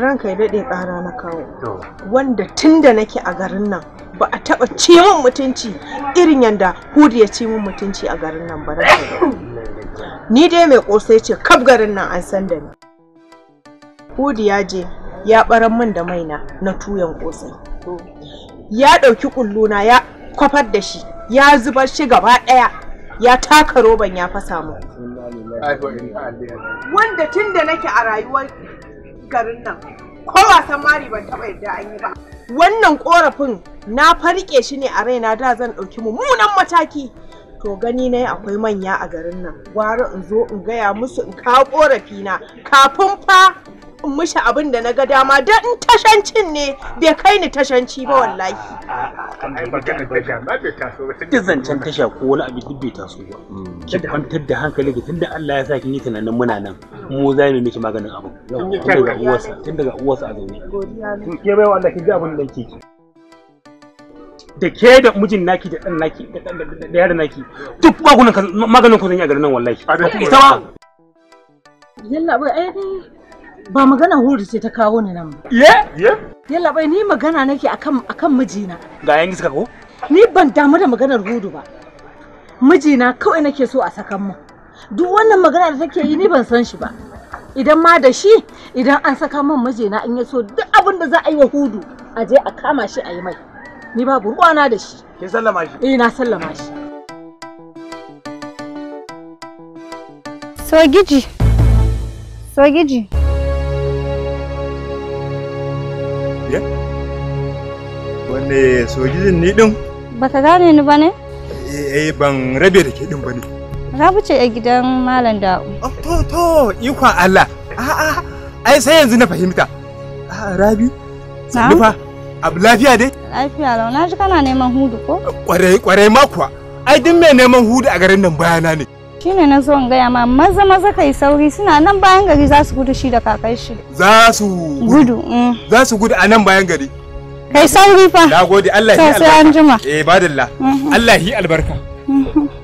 ranka ya daɗe ƙara na kawo wanda tun da nake a garin nan ba a taɓa ci min mutunci irin yadda hudu ya ci min mutunci a garin nan ba ni dai mai ƙosai ce kaf garin nan an san da ni hudu ya je ya ɓaran min da maina na tuyan ƙosai ya ɗauki ƙulluna ya kwafar da shi ya zubar shi gaba ɗaya ya taka roban ya fasa min wanda tun da nake a rayuwar garin nan ko wasan mari ban taɓa yadda an yi ba wannan korafin na farke shi ne a raina da zan ɗauki mummunan mataki to gani ne akwai manya a garin nan gwara in zo in gaya musu in kawo korafi na kafin fa in mishi abin da na ga dama don in tashancin ne bai kai ni tashanci ba wallahi. Duk zancen tasha ko wani abu duk bai taso ba. Mm. Ki kwantar da hankali ga tunda Allah ya sa kin yi tunanin muna nan mu za mu miki maganin abu. Tun daga uwarsa tun daga uwarsa a zaune. Ke bai wa Allah ki ji abin da kike. da ke da mijin naki da dan naki da yaran naki duk magunan maganin ku zan yi a garin nan wallahi. Ita ba. Yalla bai ai ba magana hudu ce ta kawo ni nan ba. Ye? Ye? Yalla bai ni magana nake akan akan mijina. Ga yan suka ko? Ni ban damu da maganar hudu ba. Mijina kawai nake so a sakan mu. Duk wannan magana da take yi ni ban san shi ba. Idan ma da shi idan an saka min mijina in ya so duk abin da za a yi wa hudu a je a kama shi a yi mai. Ni babu ruwana da shi. Kin sallama shi? Eh na sallama shi. Sogiji. Sogiji. wanne sojin ni din baka gane ni ba ne eh, eh ban rabe da ke din ba ne rabu ce a gidan malam da oh, to to ikon Allah a'a ai sai yanzu na fahimta rabi sandufa abu lafiya dai lafiya lau na ji kana neman hudu ko kwarai kwarai ma kuwa ai duk mai neman hudu a garin nan bayana ne shine na zo in gaya ma maza maza kai sauri suna nan bayan gari za su gudu shi da kakai shi za su gudu mm. za su gudu a nan bayan gari kai sauri fa nagode Allah ya albarka eh badalla mhm. Allah yi albarka mhm.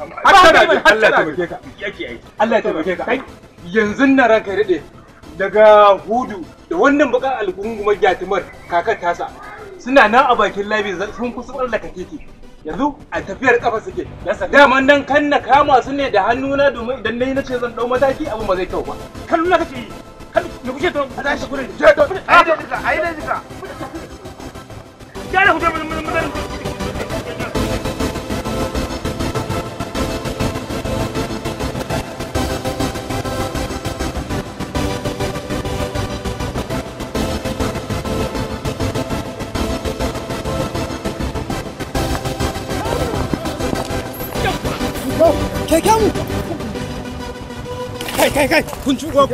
hattara yanzu na ranka daɗe daga hudu da wannan bakar algungumar gyatimar kakar tasa suna nan a bakin labi sun kusa yanzu a tafiyar kafa suke yasa daman dan kan na kama su ne da hannuna domin idan na ce zan dau mataki abin ba zai kyau ba kallon na kace kan a keken kai kai kun ci kai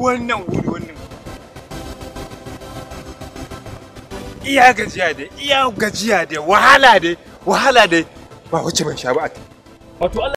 wannan wuri wannan iya gajiya dai iya gajiya dai wahala dai wahala dai ba wacce ban sha ba wato